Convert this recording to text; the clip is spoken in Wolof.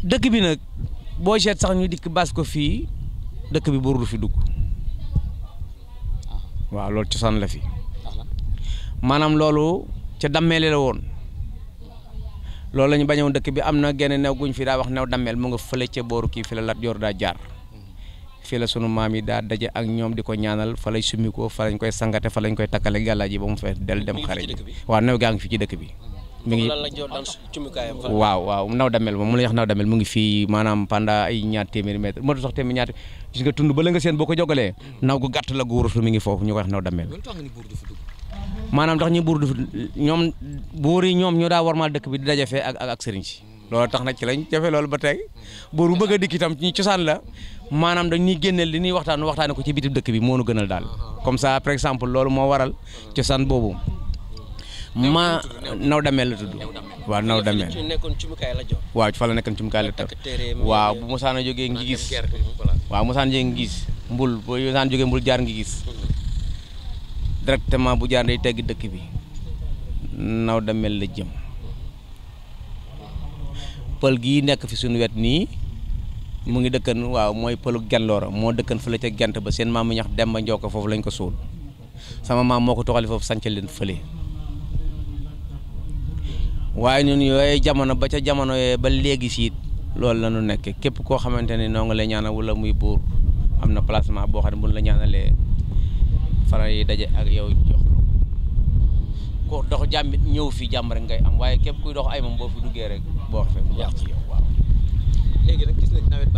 dëkk bi nag boo seet sax ñu dikk baas ko fii dëkk bi burul fi dugg waaw loolu cosaan la fi maanaam loolu ca dammeele la woon loolu la ñu bañoon dëkk bi am na genn new guñ fi daa wax new dammeel mu nga fële ca booru kii fi la Lat Joor daa jaar fii la sunu maam yi daa daje ak ñoom di ko ñaanal fa lay summi ko fa lañ koy sangate fa lañ koy takkale gàllaaj yi ba mu fees del dem xare waaw new gaa ngi fi ci dëkk bi mi ngi waaw waaw naw damel moom mu la wax naw damel mu ngi fii maanaam pendant ay ñaar téeméeri mètre moo sax téeméeri ñaar gis nga tund ba la nga seen boo ko jogalee naw gu gàtt la gu wuratu mi ngi foofu ñu ko wax naw damel maanaam tax ñu buur ñoom buur yi ñoom ñoo daa warmaal dëkk bi di dajafe ak ak sëriñ si loolu tax na ci lañ jafe loolu ba tey buur bu bëgg a dikk itam ñu cosaan la maanaam dañ ñuy génneel li ñuy waxtaan waxtaane ko ci bitim dëkk bi moo nu gënal daal comme ça par exemple loolu moo waral cosaan boobu ma naw dameel la tudd waaw naw dameel waaw fa la nekkoon ci mukaay la tor waaw bu mosaana jógee ngi gis waaw mosaan jógee ngi gis mbul bu mosaan jógee mbul jaar ngi gis directement bu jaar day teggi dëkk bi naw dameel la jëm pël gii nekk fi suñu wet nii mu ngi dëkkan waaw mooy pëlu genloora moo dëkkan fële ca gent ba seen maam mu ñax dem ba njoo ko foofu lañ ko suul sama maam moo ko toxali foofu sanc leen fële waaye ñun yooyu jamono ba ca jamono yooyu ba léegi siit loolu la ñu nekk képp koo xamante ne noo nga lay ñaanal wala muy buur am na placement boo xam ne buñ la ñaanalee faral yi daje ak yow jox ko dox jàmm ñëw fi jàmm rek ngay am waaye képp kuy dox ay moom boo fi duggee rek boo xam ne du baax ci yow waaw léegi nag gis nañ nawet